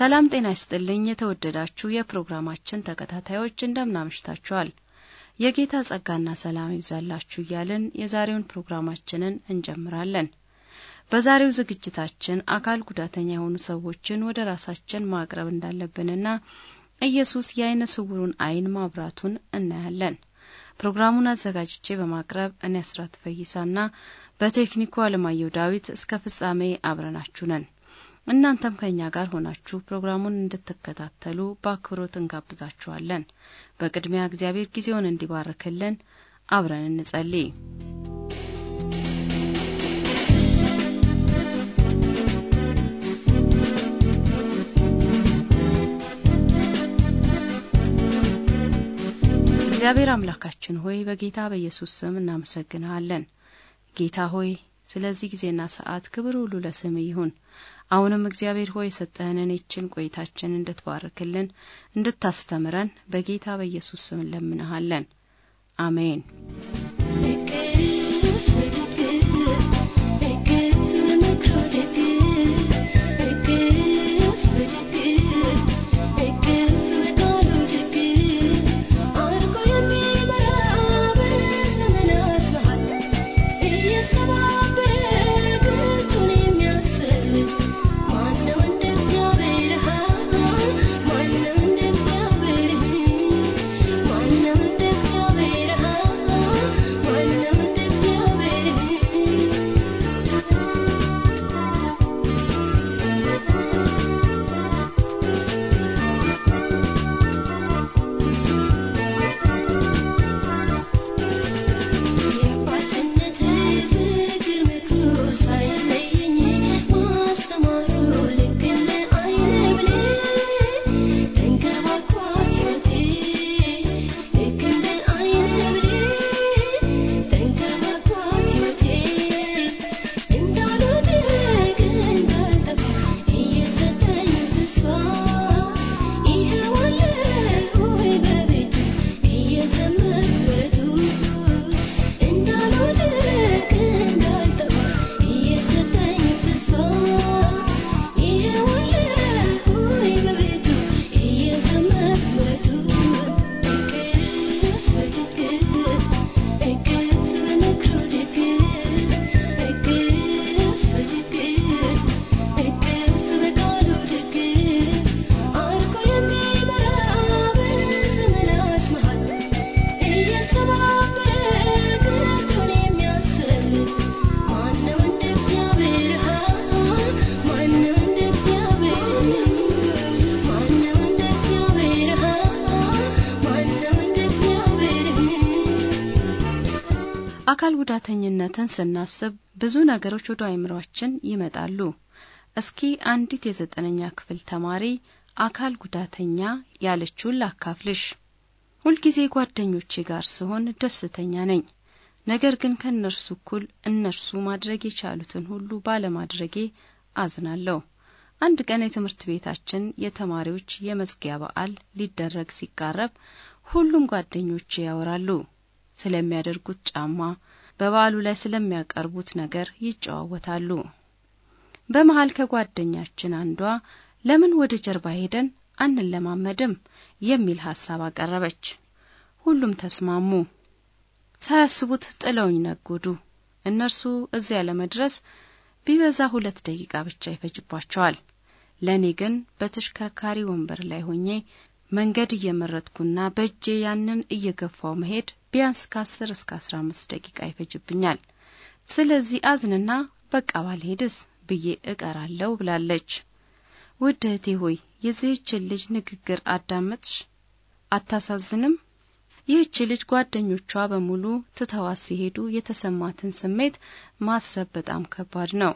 ሰላም ጤና ይስጥልኝ። የተወደዳችሁ የፕሮግራማችን ተከታታዮች እንደምን አምሽታችኋል? የጌታ ጸጋና ሰላም ይብዛላችሁ እያልን የዛሬውን ፕሮግራማችንን እንጀምራለን። በዛሬው ዝግጅታችን አካል ጉዳተኛ የሆኑ ሰዎችን ወደ ራሳችን ማቅረብ እንዳለብንና ኢየሱስ የአይነ ስውሩን አይን ማብራቱን እናያለን። ፕሮግራሙን አዘጋጅቼ በማቅረብ እኔ አስራት ፈይሳና በቴክኒኩ አለማየሁ ዳዊት እስከ ፍጻሜ አብረናችሁ ነን። እናንተም ከእኛ ጋር ሆናችሁ ፕሮግራሙን እንድትከታተሉ በአክብሮት እንጋብዛችኋለን። በቅድሚያ እግዚአብሔር ጊዜውን እንዲባርክልን አብረን እንጸልይ። እግዚአብሔር አምላካችን ሆይ በጌታ በኢየሱስ ስም እናመሰግንሃለን። ጌታ ሆይ ስለዚህ ጊዜና ሰዓት ክብር ሁሉ ለስም ይሁን። አሁንም እግዚአብሔር ሆይ የሰጠህንን ይችን ቆይታችን እንድትባርክልን እንድታስተምረን በጌታ በኢየሱስ ስም እንለምንሃለን። አሜን። የአካል ጉዳተኝነትን ስናስብ ብዙ ነገሮች ወደ አይምሯችን ይመጣሉ። እስኪ አንዲት የዘጠነኛ ክፍል ተማሪ አካል ጉዳተኛ ያለችውን ላካፍልሽ። ሁልጊዜ ጓደኞቼ ጋር ስሆን ደስተኛ ነኝ። ነገር ግን ከእነርሱ እኩል እነርሱ ማድረግ የቻሉትን ሁሉ ባለማድረጌ አዝናለሁ። አንድ ቀን የትምህርት ቤታችን የተማሪዎች የመዝጊያ በዓል ሊደረግ ሲቃረብ ሁሉም ጓደኞቼ ያወራሉ ስለሚያደርጉት ጫማ፣ በበዓሉ ላይ ስለሚያቀርቡት ነገር ይጨዋወታሉ። በመሃል ከጓደኛችን አንዷ ለምን ወደ ጀርባ ሄደን አንለማመድም የሚል ሀሳብ አቀረበች። ሁሉም ተስማሙ። ሳያስቡት ጥለውኝ ነጎዱ። እነርሱ እዚያ ለመድረስ ቢበዛ ሁለት ደቂቃ ብቻ ይፈጅባቸዋል። ለእኔ ግን በተሽከርካሪ ወንበር ላይ ሆኜ መንገድ እየመረጥኩና በእጄ ያንን እየገፋው መሄድ ቢያንስ ከ10 እስከ 15 ደቂቃ ይፈጅብኛል። ስለዚህ አዝንና በቃ ባልሄድስ ብዬ እቀራለሁ ብላለች። ውድ እህቴ ሆይ የዚህችን ልጅ ንግግር አዳመጥሽ? አታሳዝንም? ይህች ልጅ ጓደኞቿ በሙሉ ትተዋት ሲሄዱ የተሰማትን ስሜት ማሰብ በጣም ከባድ ነው።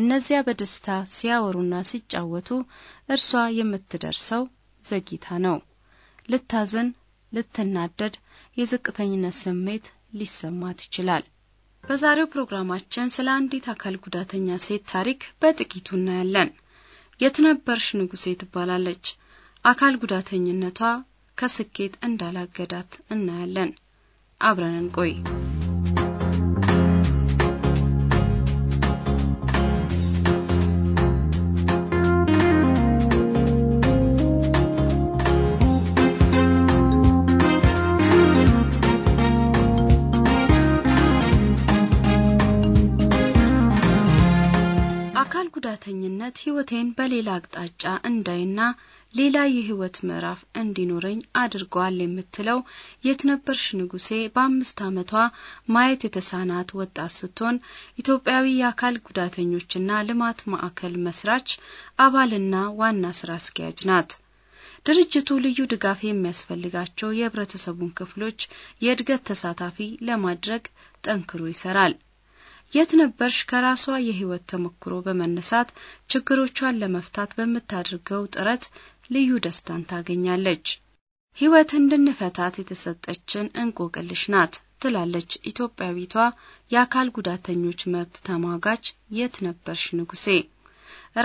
እነዚያ በደስታ ሲያወሩና ሲጫወቱ እርሷ የምትደርሰው ዘግይታ ነው። ልታዝን፣ ልትናደድ፣ የዝቅተኝነት ስሜት ሊሰማት ይችላል። በዛሬው ፕሮግራማችን ስለ አንዲት አካል ጉዳተኛ ሴት ታሪክ በጥቂቱ እናያለን። የትነበርሽ ንጉሴ ትባላለች። አካል ጉዳተኝነቷ ከስኬት እንዳላገዳት እናያለን። አብረን እንቆይ። ምክንያት ሕይወቴን በሌላ አቅጣጫ እንዳይና ሌላ የህይወት ምዕራፍ እንዲኖረኝ አድርጓል የምትለው የት ነበርሽ ንጉሴ በአምስት ዓመቷ ማየት የተሳናት ወጣት ስትሆን ኢትዮጵያዊ የአካል ጉዳተኞችና ልማት ማዕከል መስራች አባልና ዋና ስራ አስኪያጅ ናት። ድርጅቱ ልዩ ድጋፍ የሚያስፈልጋቸው የህብረተሰቡን ክፍሎች የእድገት ተሳታፊ ለማድረግ ጠንክሮ ይሰራል። የት ነበርሽ ከራሷ የህይወት ተሞክሮ በመነሳት ችግሮቿን ለመፍታት በምታደርገው ጥረት ልዩ ደስታን ታገኛለች። ህይወት እንድንፈታት የተሰጠችን እንቆቅልሽ ናት ትላለች ኢትዮጵያዊቷ የአካል ጉዳተኞች መብት ተሟጋች የት ነበርሽ ንጉሴ።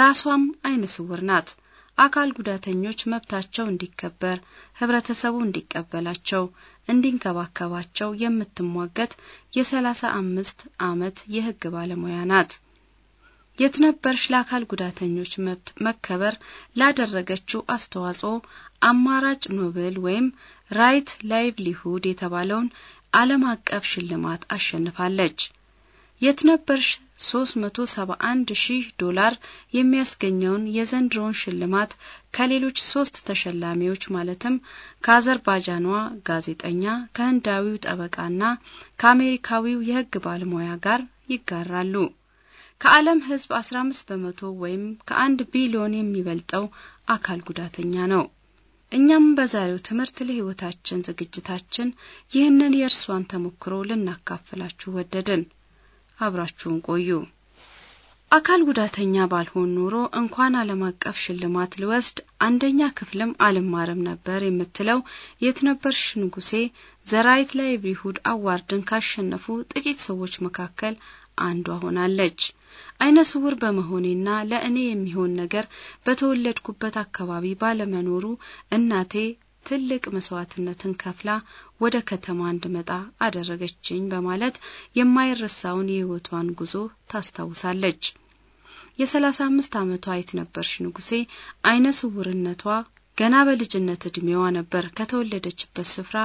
ራሷም አይነ ስውር ናት። አካል ጉዳተኞች መብታቸው እንዲከበር ህብረተሰቡ እንዲቀበላቸው እንዲንከባከባቸው የምትሟገት የሰላሳ አምስት አመት የህግ ባለሙያ ናት። የት ነበርሽ ለአካል ጉዳተኞች መብት መከበር ላደረገችው አስተዋጽኦ አማራጭ ኖብል ወይም ራይት ላይቭሊሁድ የተባለውን ዓለም አቀፍ ሽልማት አሸንፋለች። የትነበርሽ 371 ሺህ ዶላር የሚያስገኘውን የዘንድሮን ሽልማት ከሌሎች ሶስት ተሸላሚዎች ማለትም ከአዘርባጃኗ ጋዜጠኛ፣ ከህንዳዊው ጠበቃና ከአሜሪካዊው የህግ ባለሙያ ጋር ይጋራሉ። ከዓለም ህዝብ 15 በመቶ ወይም ከአንድ ቢሊዮን የሚበልጠው አካል ጉዳተኛ ነው። እኛም በዛሬው ትምህርት ለህይወታችን ዝግጅታችን ይህንን የእርሷን ተሞክሮ ልናካፍላችሁ ወደድን። አብራችሁን ቆዩ። አካል ጉዳተኛ ባልሆን ኖሮ እንኳን ዓለም አቀፍ ሽልማት ልወስድ አንደኛ ክፍልም አልማርም ነበር የምትለው የት ነበርሽ ንጉሴ ዘራይት ላይ ቢሁድ አዋርድን ካሸነፉ ጥቂት ሰዎች መካከል አንዷ ሆናለች። አይነ ስውር በመሆኔና ለእኔ የሚሆን ነገር በተወለድኩበት አካባቢ ባለመኖሩ እናቴ ትልቅ መስዋዕትነትን ከፍላ ወደ ከተማ እንድመጣ አደረገችኝ በማለት የማይረሳውን የህይወቷን ጉዞ ታስታውሳለች። የሰላሳ አምስት ዓመቷ ነበርሽ ንጉሴ አይነ ስውርነቷ ገና በልጅነት እድሜዋ ነበር ከተወለደችበት ስፍራ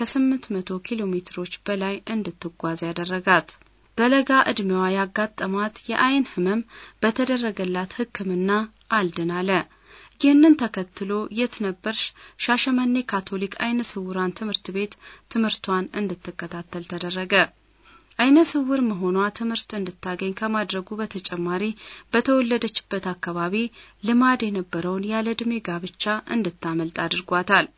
ከስምንት መቶ ኪሎ ሜትሮች በላይ እንድትጓዝ ያደረጋት። በለጋ እድሜዋ ያጋጠማት የአይን ህመም በተደረገላት ሕክምና አልድን አለ። ይህንን ተከትሎ የት ነበርሽ ሻሸመኔ ካቶሊክ አይነ ስውራን ትምህርት ቤት ትምህርቷን እንድትከታተል ተደረገ። አይነ ስውር መሆኗ ትምህርት እንድታገኝ ከማድረጉ በተጨማሪ በተወለደችበት አካባቢ ልማድ የነበረውን ያለ ዕድሜ ጋብቻ እንድታመልጥ አድርጓታል።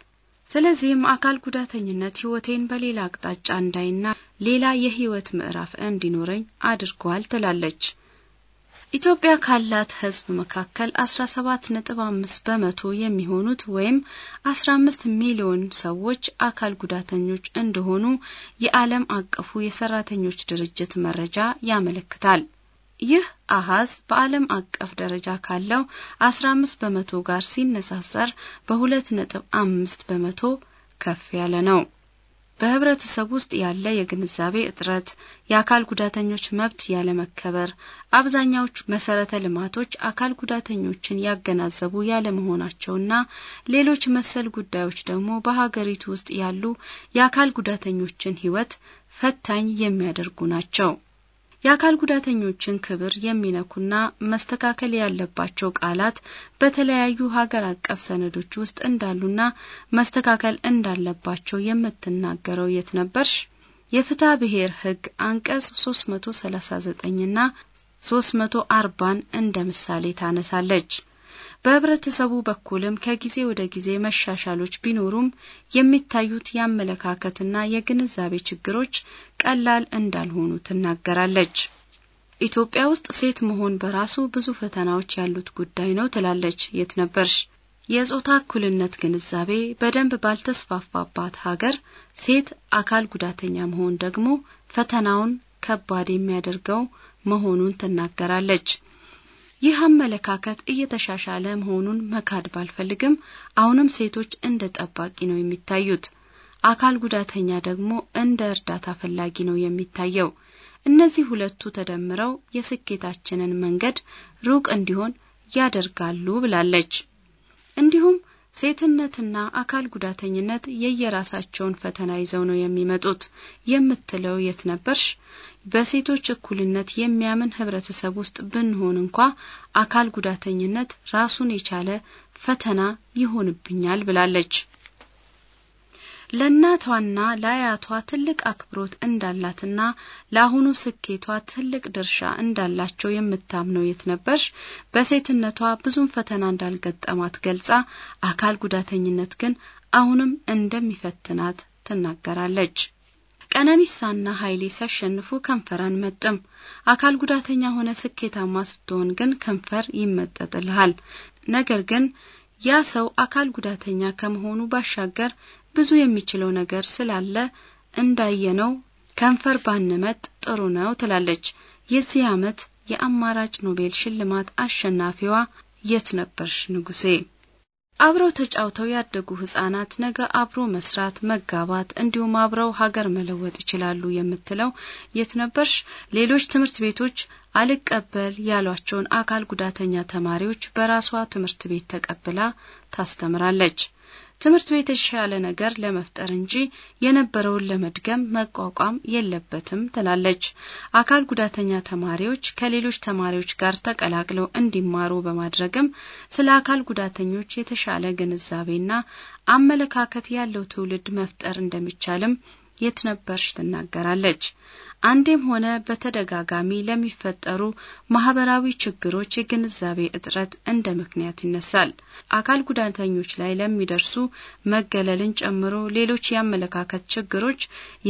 ስለዚህም አካል ጉዳተኝነት ሕይወቴን በሌላ አቅጣጫ እንዳይና ሌላ የሕይወት ምዕራፍ እንዲኖረኝ አድርጓል ትላለች። ኢትዮጵያ ካላት ሕዝብ መካከል 17.5 በመቶ የሚሆኑት ወይም 15 ሚሊዮን ሰዎች አካል ጉዳተኞች እንደሆኑ የዓለም አቀፉ የሰራተኞች ድርጅት መረጃ ያመለክታል። ይህ አሃዝ በዓለም አቀፍ ደረጃ ካለው 15 በመቶ ጋር ሲነሳሰር በ2.5 በመቶ ከፍ ያለ ነው። በህብረተሰብ ውስጥ ያለ የግንዛቤ እጥረት፣ የአካል ጉዳተኞች መብት ያለመከበር፣ አብዛኛዎቹ መሰረተ ልማቶች አካል ጉዳተኞችን ያገናዘቡ ያለመሆናቸውና ሌሎች መሰል ጉዳዮች ደግሞ በሀገሪቱ ውስጥ ያሉ የአካል ጉዳተኞችን ህይወት ፈታኝ የሚያደርጉ ናቸው። የአካል ጉዳተኞችን ክብር የሚነኩና መስተካከል ያለባቸው ቃላት በተለያዩ ሀገር አቀፍ ሰነዶች ውስጥ እንዳሉና መስተካከል እንዳለባቸው የምትናገረው የት ነበርሽ? የፍትሐ ብሔር ሕግ አንቀጽ 339ና 340ን እንደ ምሳሌ ታነሳለች። በህብረተሰቡ በኩልም ከጊዜ ወደ ጊዜ መሻሻሎች ቢኖሩም የሚታዩት የአመለካከትና የግንዛቤ ችግሮች ቀላል እንዳልሆኑ ትናገራለች። ኢትዮጵያ ውስጥ ሴት መሆን በራሱ ብዙ ፈተናዎች ያሉት ጉዳይ ነው ትላለች። የት ነበርሽ? የጾታ እኩልነት ግንዛቤ በደንብ ባልተስፋፋባት ሀገር ሴት አካል ጉዳተኛ መሆን ደግሞ ፈተናውን ከባድ የሚያደርገው መሆኑን ትናገራለች። ይህ አመለካከት እየተሻሻለ መሆኑን መካድ ባልፈልግም አሁንም ሴቶች እንደ ጠባቂ ነው የሚታዩት። አካል ጉዳተኛ ደግሞ እንደ እርዳታ ፈላጊ ነው የሚታየው። እነዚህ ሁለቱ ተደምረው የስኬታችንን መንገድ ሩቅ እንዲሆን ያደርጋሉ ብላለች። እንዲሁም ሴትነትና አካል ጉዳተኝነት የየራሳቸውን ፈተና ይዘው ነው የሚመጡት የምትለው የት ነበርሽ? በሴቶች እኩልነት የሚያምን ህብረተሰብ ውስጥ ብንሆን እንኳ አካል ጉዳተኝነት ራሱን የቻለ ፈተና ይሆንብኛል ብላለች። ለእናቷና ለአያቷ ትልቅ አክብሮት እንዳላትና ለአሁኑ ስኬቷ ትልቅ ድርሻ እንዳላቸው የምታምነው የት ነበርሽ? በሴትነቷ ብዙም ፈተና እንዳልገጠማት ገልጻ አካል ጉዳተኝነት ግን አሁንም እንደሚፈትናት ትናገራለች። ቀነኒሳና ኃይሌ ሲያሸንፉ ከንፈራን መጥም አካል ጉዳተኛ ሆነ ስኬታማ ስትሆን ግን ከንፈር ይመጠጥልሃል። ነገር ግን ያ ሰው አካል ጉዳተኛ ከመሆኑ ባሻገር ብዙ የሚችለው ነገር ስላለ እንዳየነው ከንፈር ባንመጥ ጥሩ ነው ትላለች። የዚህ ዓመት የአማራጭ ኖቤል ሽልማት አሸናፊዋ የት ነበርሽ ንጉሴ? አብረው ተጫውተው ያደጉ ህጻናት ነገ አብሮ መስራት፣ መጋባት እንዲሁም አብረው ሀገር መለወጥ ይችላሉ የምትለው የት ነበርሽ ሌሎች ትምህርት ቤቶች አልቀበል ያሏቸውን አካል ጉዳተኛ ተማሪዎች በራሷ ትምህርት ቤት ተቀብላ ታስተምራለች። ትምህርት ቤት የተሻለ ነገር ለመፍጠር እንጂ የነበረውን ለመድገም መቋቋም የለበትም ትላለች። አካል ጉዳተኛ ተማሪዎች ከሌሎች ተማሪዎች ጋር ተቀላቅለው እንዲማሩ በማድረግም ስለ አካል ጉዳተኞች የተሻለ ግንዛቤና አመለካከት ያለው ትውልድ መፍጠር እንደሚቻልም የት ነበርሽ ትናገራለች። አንዴም ሆነ በተደጋጋሚ ለሚፈጠሩ ማህበራዊ ችግሮች የግንዛቤ እጥረት እንደ ምክንያት ይነሳል። አካል ጉዳተኞች ላይ ለሚደርሱ መገለልን ጨምሮ ሌሎች የአመለካከት ችግሮች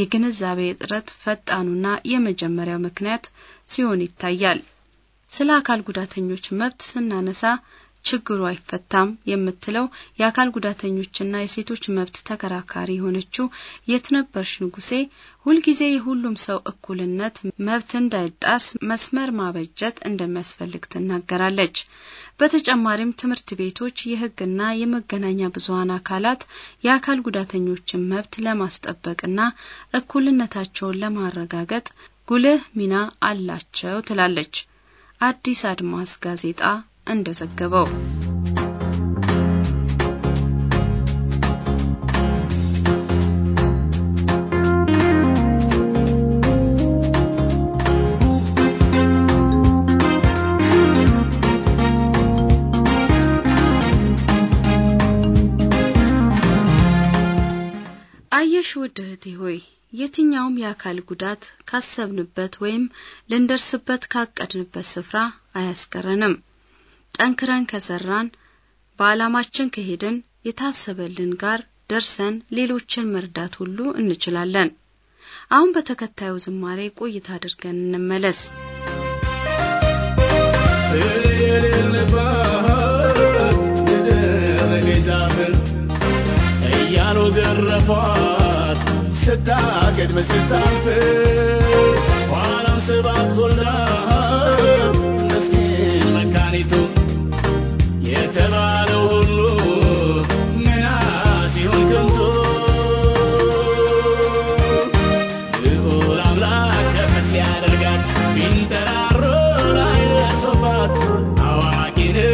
የግንዛቤ እጥረት ፈጣኑና የመጀመሪያው ምክንያት ሲሆን ይታያል። ስለ አካል ጉዳተኞች መብት ስናነሳ ችግሩ አይፈታም የምትለው የአካል ጉዳተኞችና የሴቶች መብት ተከራካሪ የሆነችው የት ነበርሽ ንጉሴ ሁልጊዜ የሁሉም ሰው እኩልነት መብት እንዳይጣስ መስመር ማበጀት እንደሚያስፈልግ ትናገራለች። በተጨማሪም ትምህርት ቤቶች፣ የሕግና የመገናኛ ብዙሀን አካላት የአካል ጉዳተኞችን መብት ለማስጠበቅና እኩልነታቸውን ለማረጋገጥ ጉልህ ሚና አላቸው ትላለች። አዲስ አድማስ ጋዜጣ እንደዘገበው አየሽ ውድ እህቴ ሆይ የትኛውም የአካል ጉዳት ካሰብንበት ወይም ልንደርስበት ካቀድንበት ስፍራ አያስቀረንም። ጠንክረን ከሰራን በዓላማችን ከሄድን የታሰበልን ጋር ደርሰን ሌሎችን መርዳት ሁሉ እንችላለን። አሁን በተከታዩ ዝማሬ ቆይታ አድርገን እንመለስ። እያሉ ገረፏት ስታገድም ስታፍ ኋላም ተንጠራሮ ላይ ለሶባት አዋቂ ነው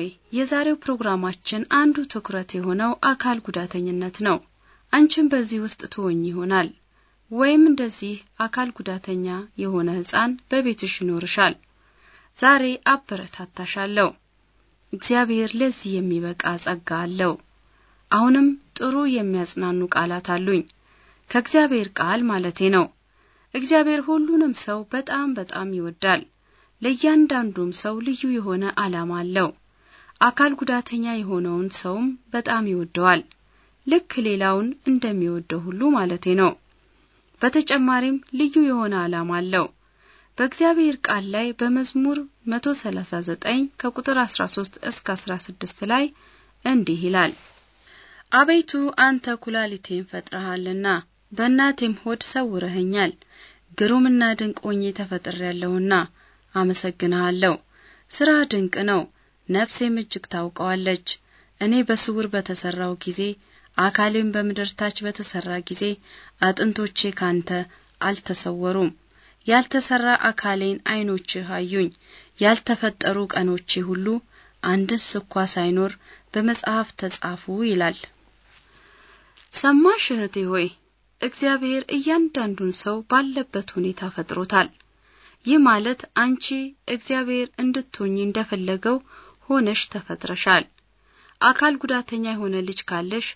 ሆይ የዛሬው ፕሮግራማችን አንዱ ትኩረት የሆነው አካል ጉዳተኝነት ነው። አንቺም በዚህ ውስጥ ትሆኝ ይሆናል ወይም እንደዚህ አካል ጉዳተኛ የሆነ ሕፃን በቤትሽ ይኖርሻል። ዛሬ አበረታታሻለሁ። እግዚአብሔር ለዚህ የሚበቃ ጸጋ አለው። አሁንም ጥሩ የሚያጽናኑ ቃላት አሉኝ ከእግዚአብሔር ቃል ማለቴ ነው። እግዚአብሔር ሁሉንም ሰው በጣም በጣም ይወዳል። ለእያንዳንዱም ሰው ልዩ የሆነ ዓላማ አለው። አካል ጉዳተኛ የሆነውን ሰውም በጣም ይወደዋል፣ ልክ ሌላውን እንደሚወደው ሁሉ ማለቴ ነው። በተጨማሪም ልዩ የሆነ ዓላማ አለው። በእግዚአብሔር ቃል ላይ በመዝሙር 139 ከቁጥር 13 እስከ 16 ላይ እንዲህ ይላል። አቤቱ አንተ ኩላሊቴን ፈጥረሃልና በእናቴም ሆድ ሰውረኸኛል። ግሩምና ድንቅ ሆኜ ተፈጥሬያለሁና አመሰግንሃለሁ። ስራ ድንቅ ነው። ነፍሴም እጅግ ታውቀዋለች። እኔ በስውር በተሰራው ጊዜ አካሌም በምድር ታች በተሰራ ጊዜ አጥንቶቼ ካንተ አልተሰወሩም። ያልተሰራ አካሌን አይኖች አዩኝ። ያልተፈጠሩ ቀኖቼ ሁሉ አንድን ስኳ ሳይኖር በመጽሐፍ ተጻፉ ይላል። ሰማሽ እህቴ ሆይ እግዚአብሔር እያንዳንዱን ሰው ባለበት ሁኔታ ፈጥሮታል። ይህ ማለት አንቺ እግዚአብሔር እንድትሆኚ እንደፈለገው ሆነሽ ተፈጥረሻል። አካል ጉዳተኛ የሆነ ልጅ ካለሽ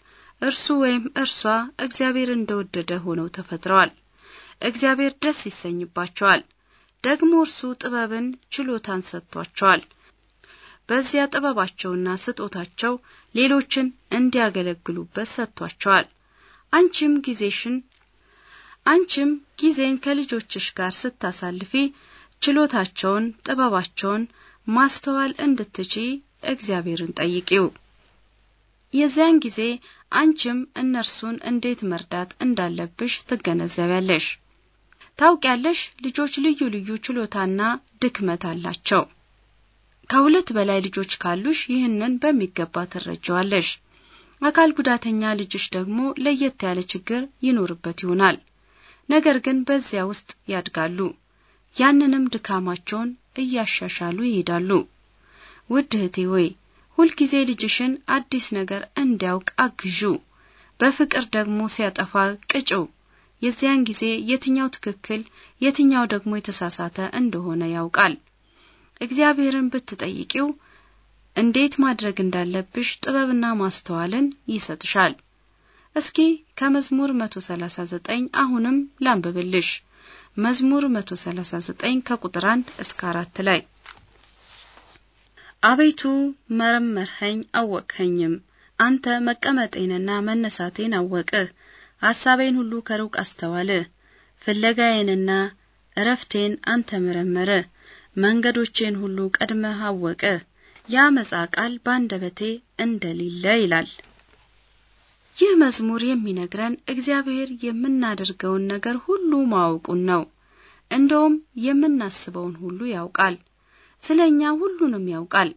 እርሱ ወይም እርሷ እግዚአብሔር እንደወደደ ሆነው ተፈጥረዋል። እግዚአብሔር ደስ ይሰኝባቸዋል። ደግሞ እርሱ ጥበብን፣ ችሎታን ሰጥቷቸዋል። በዚያ ጥበባቸውና ስጦታቸው ሌሎችን እንዲያገለግሉበት ሰጥቷቸዋል። አንቺም ጊዜሽን አንቺም ጊዜን ከልጆችሽ ጋር ስታሳልፊ ችሎታቸውን፣ ጥበባቸውን፣ ማስተዋል እንድትቺ እግዚአብሔርን ጠይቂው። የዚያን ጊዜ አንቺም እነርሱን እንዴት መርዳት እንዳለብሽ ትገነዘቢያለሽ። ታውቂያለሽ፣ ልጆች ልዩ ልዩ ችሎታና ድክመት አላቸው። ከሁለት በላይ ልጆች ካሉሽ ይህንን በሚገባ ትረጀዋለሽ። አካል ጉዳተኛ ልጅሽ ደግሞ ለየት ያለ ችግር ይኖርበት ይሆናል። ነገር ግን በዚያ ውስጥ ያድጋሉ። ያንንም ድካማቸውን እያሻሻሉ ይሄዳሉ። ውድ እህቴ ሆይ ሁልጊዜ ልጅሽን አዲስ ነገር እንዲያውቅ አግዡ። በፍቅር ደግሞ ሲያጠፋ ቅጭው። የዚያን ጊዜ የትኛው ትክክል የትኛው ደግሞ የተሳሳተ እንደሆነ ያውቃል። እግዚአብሔርን ብትጠይቂው እንዴት ማድረግ እንዳለብሽ ጥበብና ማስተዋልን ይሰጥሻል። እስኪ ከመዝሙር 139 አሁንም ላንብብልሽ። መዝሙር 139 ከቁጥር 1 እስከ 4 ላይ አቤቱ መረመርኸኝ አወቅኸኝም፣ አንተ መቀመጤንና መነሳቴን አወቅህ፣ ሐሳቤን ሁሉ ከሩቅ አስተዋልህ። ፍለጋዬንና እረፍቴን አንተ መረመርህ፣ መንገዶቼን ሁሉ ቀድመህ አወቅህ። የአመፃ ቃል ባንደበቴ እንደሌለ ይላል። ይህ መዝሙር የሚነግረን እግዚአብሔር የምናደርገውን ነገር ሁሉ ማወቁን ነው። እንደውም የምናስበውን ሁሉ ያውቃል። ስለ እኛ ሁሉንም ያውቃል።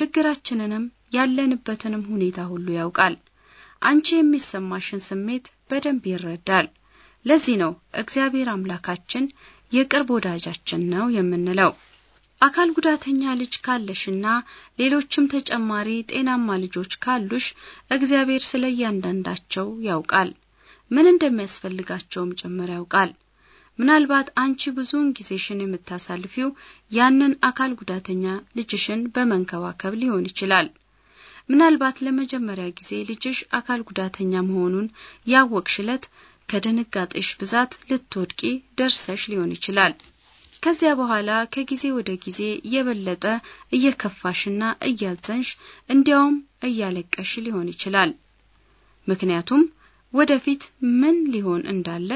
ችግራችንንም ያለንበትንም ሁኔታ ሁሉ ያውቃል። አንቺ የሚሰማሽን ስሜት በደንብ ይረዳል። ለዚህ ነው እግዚአብሔር አምላካችን የቅርብ ወዳጃችን ነው የምንለው። አካል ጉዳተኛ ልጅ ካለሽና ሌሎችም ተጨማሪ ጤናማ ልጆች ካሉሽ እግዚአብሔር ስለ እያንዳንዳቸው ያውቃል፣ ምን እንደሚያስፈልጋቸውም ጭምር ያውቃል። ምናልባት አንቺ ብዙውን ጊዜሽን የምታሳልፊው ያንን አካል ጉዳተኛ ልጅሽን በመንከባከብ ሊሆን ይችላል። ምናልባት ለመጀመሪያ ጊዜ ልጅሽ አካል ጉዳተኛ መሆኑን ያወቅሽ ዕለት ከድንጋጤሽ ብዛት ልትወድቂ ደርሰሽ ሊሆን ይችላል። ከዚያ በኋላ ከጊዜ ወደ ጊዜ እየበለጠ እየከፋሽና እያዘንሽ እንዲያውም እያለቀሽ ሊሆን ይችላል። ምክንያቱም ወደፊት ምን ሊሆን እንዳለ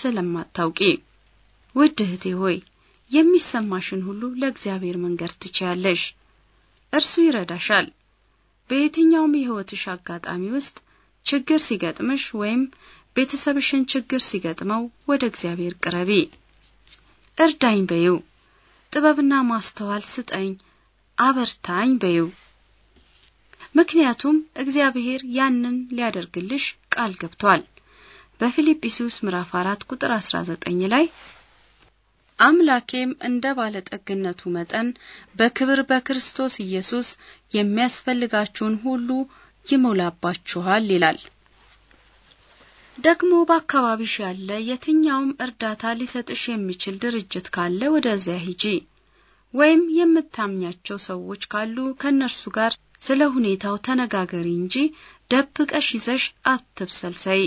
ስለማታውቂ። ውድ እህቴ ሆይ የሚሰማሽን ሁሉ ለእግዚአብሔር መንገር ትችያለሽ። እርሱ ይረዳሻል። በየትኛውም የሕይወትሽ አጋጣሚ ውስጥ ችግር ሲገጥምሽ ወይም ቤተሰብሽን ችግር ሲገጥመው ወደ እግዚአብሔር ቅረቢ። እርዳኝ በይው። ጥበብና ማስተዋል ስጠኝ፣ አበርታኝ በይው። ምክንያቱም እግዚአብሔር ያንን ሊያደርግልሽ ቃል ገብቷል። በፊልጵስዩስ ምዕራፍ 4 ቁጥር 19 ላይ አምላኬም እንደ ባለጠግነቱ መጠን በክብር በክርስቶስ ኢየሱስ የሚያስፈልጋችሁን ሁሉ ይሞላባችኋል ይላል። ደግሞ በአካባቢሽ ያለ የትኛውም እርዳታ ሊሰጥሽ የሚችል ድርጅት ካለ ወደዚያ ሂጂ። ወይም የምታምኛቸው ሰዎች ካሉ ከእነርሱ ጋር ስለ ሁኔታው ተነጋገሪ እንጂ ደብቀሽ ይዘሽ አትብሰልሰይ።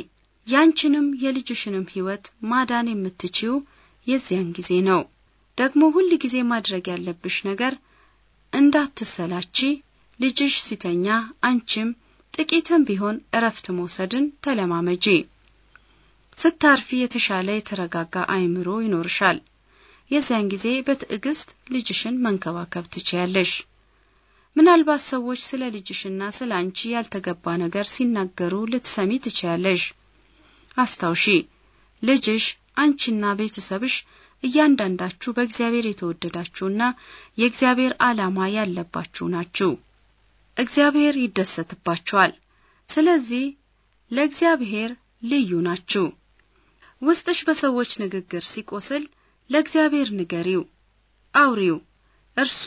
ያንቺንም የልጅሽንም ሕይወት ማዳን የምትችው የዚያን ጊዜ ነው። ደግሞ ሁል ጊዜ ማድረግ ያለብሽ ነገር እንዳትሰላቺ፣ ልጅሽ ሲተኛ አንቺም ጥቂትም ቢሆን እረፍት መውሰድን ተለማመጂ። ስታርፊ የተሻለ የተረጋጋ አእምሮ ይኖርሻል። የዚያን ጊዜ በትዕግስት ልጅሽን መንከባከብ ትችያለሽ። ምናልባት ሰዎች ስለ ልጅሽና ስለ አንቺ ያልተገባ ነገር ሲናገሩ ልትሰሚ ትችያለሽ። አስታውሺ፣ ልጅሽ አንቺና ቤተሰብሽ እያንዳንዳችሁ በእግዚአብሔር የተወደዳችሁና የእግዚአብሔር ዓላማ ያለባችሁ ናችሁ። እግዚአብሔር ይደሰትባችኋል። ስለዚህ ለእግዚአብሔር ልዩ ናችሁ። ውስጥሽ በሰዎች ንግግር ሲቆስል ለእግዚአብሔር ንገሪው፣ አውሪው፣ እርሱ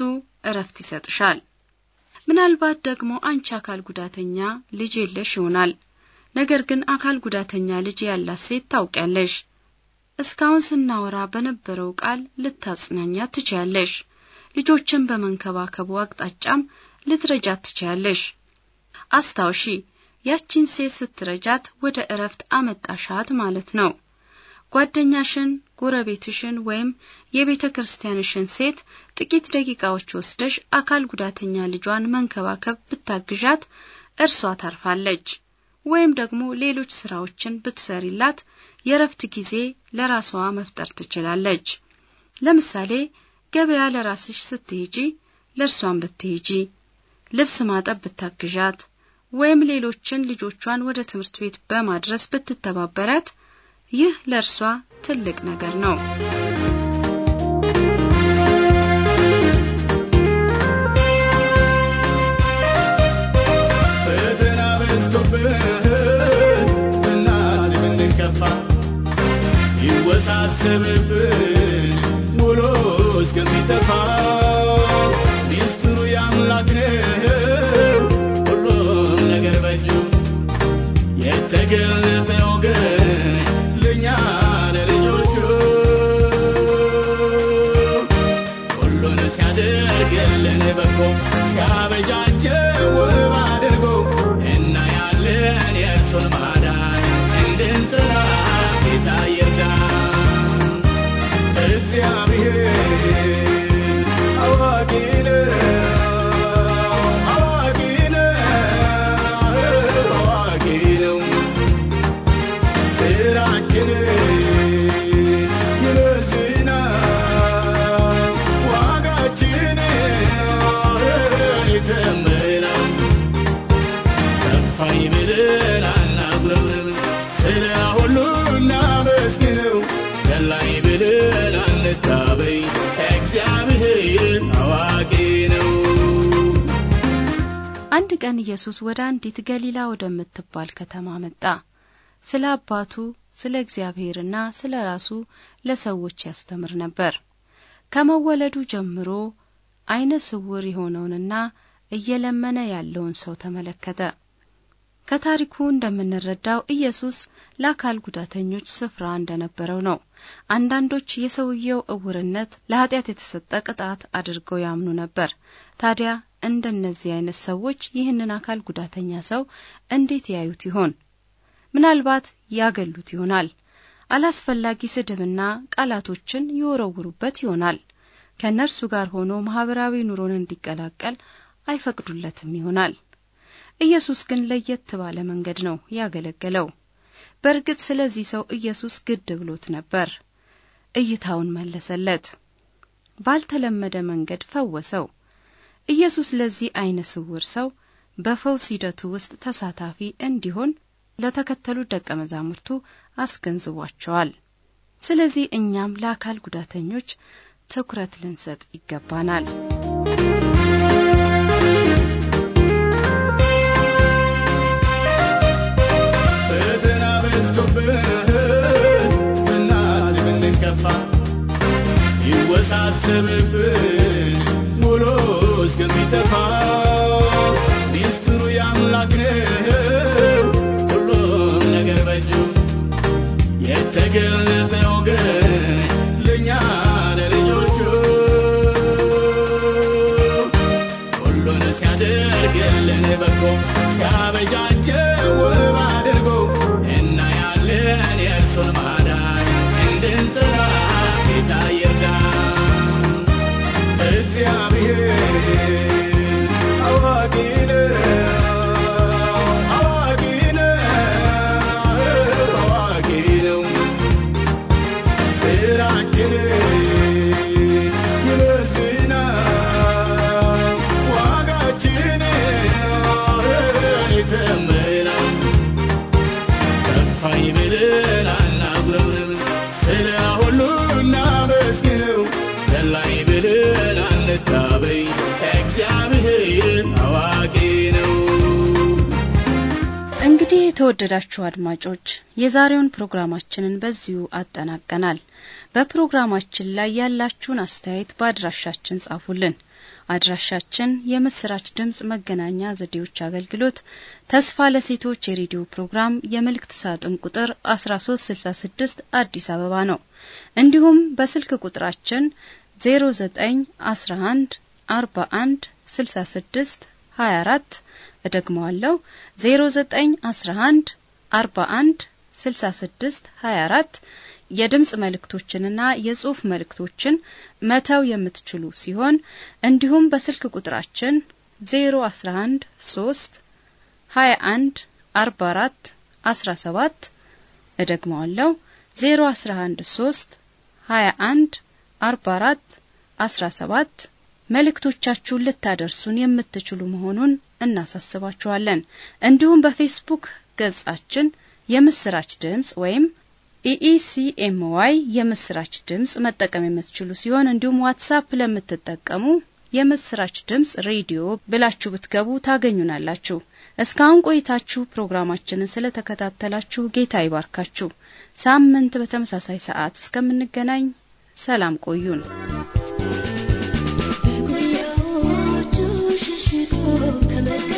እረፍት ይሰጥሻል። ምናልባት ደግሞ አንቺ አካል ጉዳተኛ ልጅ የለሽ ይሆናል። ነገር ግን አካል ጉዳተኛ ልጅ ያላት ሴት ታውቂያለሽ። እስካሁን ስናወራ በነበረው ቃል ልታጽናኛ ትችያለሽ። ልጆችን በመንከባከቡ አቅጣጫም ልትረጃት ትችያለሽ። አስታውሺ፣ ያቺን ሴት ስትረጃት ወደ እረፍት አመጣሻት ማለት ነው። ጓደኛሽን፣ ጎረቤትሽን ወይም የቤተ ክርስቲያንሽን ሴት ጥቂት ደቂቃዎች ወስደሽ አካል ጉዳተኛ ልጇን መንከባከብ ብታግዣት እርሷ ታርፋለች። ወይም ደግሞ ሌሎች ስራዎችን ብትሰሪላት የረፍት ጊዜ ለራሷ መፍጠር ትችላለች። ለምሳሌ ገበያ ለራስሽ ስትሄጂ ለእርሷን ብትሄጂ፣ ልብስ ማጠብ ብታግዣት፣ ወይም ሌሎችን ልጆቿን ወደ ትምህርት ቤት በማድረስ ብትተባበራት ይህ ለእርሷ ትልቅ ነገር ነው። ይወሳሰብብን ውሎ እስከሚጠፋ ሚስጥሩ የአምላክ ሁሉም ነገር በእጁ የተገለጠው ግን ኢየሱስ ወደ አንዲት ገሊላ ወደምትባል ከተማ መጣ። ስለ አባቱ ስለ እግዚአብሔርና ስለ ራሱ ለሰዎች ያስተምር ነበር። ከመወለዱ ጀምሮ አይነ ስውር የሆነውንና እየለመነ ያለውን ሰው ተመለከተ። ከታሪኩ እንደምንረዳው ኢየሱስ ለአካል ጉዳተኞች ስፍራ እንደነበረው ነው። አንዳንዶች የሰውየው እውርነት ለኃጢአት የተሰጠ ቅጣት አድርገው ያምኑ ነበር። ታዲያ እንደነዚህ አይነት ሰዎች ይህንን አካል ጉዳተኛ ሰው እንዴት ያዩት ይሆን? ምናልባት ያገሉት ይሆናል። አላስፈላጊ ስድብና ቃላቶችን ይወረውሩበት ይሆናል። ከእነርሱ ጋር ሆኖ ማኅበራዊ ኑሮን እንዲቀላቀል አይፈቅዱለትም ይሆናል። ኢየሱስ ግን ለየት ባለ መንገድ ነው ያገለገለው። በእርግጥ ስለዚህ ሰው ኢየሱስ ግድ ብሎት ነበር። እይታውን መለሰለት፣ ባልተለመደ መንገድ ፈወሰው። ኢየሱስ ለዚህ አይነ ስውር ሰው በፈውስ ሂደቱ ውስጥ ተሳታፊ እንዲሆን ለተከተሉ ደቀ መዛሙርቱ አስገንዝቧቸዋል። ስለዚህ እኛም ለአካል ጉዳተኞች ትኩረት ልንሰጥ ይገባናል። የተወደዳችሁ አድማጮች የዛሬውን ፕሮግራማችንን በዚሁ አጠናቀናል። በፕሮግራማችን ላይ ያላችሁን አስተያየት በአድራሻችን ጻፉልን። አድራሻችን የምስራች ድምፅ መገናኛ ዘዴዎች አገልግሎት ተስፋ ለሴቶች የሬዲዮ ፕሮግራም የመልእክት ሳጥን ቁጥር 1366 አዲስ አበባ ነው። እንዲሁም በስልክ ቁጥራችን 0911 41 66 24 እደግመዋለሁ 0911 41 66 24 የድምጽ መልእክቶችንና የጽሑፍ መልእክቶችን መተው የምትችሉ ሲሆን እንዲሁም በስልክ ቁጥራችን 011 3 21 44 17 እደግመዋለሁ 011 3 21 44 17 መልእክቶቻችሁን ልታደርሱን የምትችሉ መሆኑን እናሳስባችኋለን። እንዲሁም በፌስቡክ ገጻችን የምስራች ድምጽ ወይም ኢኢሲኤምዋይ e e የምስራች ድምጽ መጠቀም የምትችሉ ሲሆን እንዲሁም ዋትሳፕ ለምትጠቀሙ የምስራች ድምጽ ሬዲዮ ብላችሁ ብትገቡ ታገኙናላችሁ። እስካሁን ቆይታችሁ ፕሮግራማችንን ስለተከታተላችሁ ጌታ ይባርካችሁ። ሳምንት በተመሳሳይ ሰዓት እስከምንገናኝ ሰላም ቆዩን። 是否看能？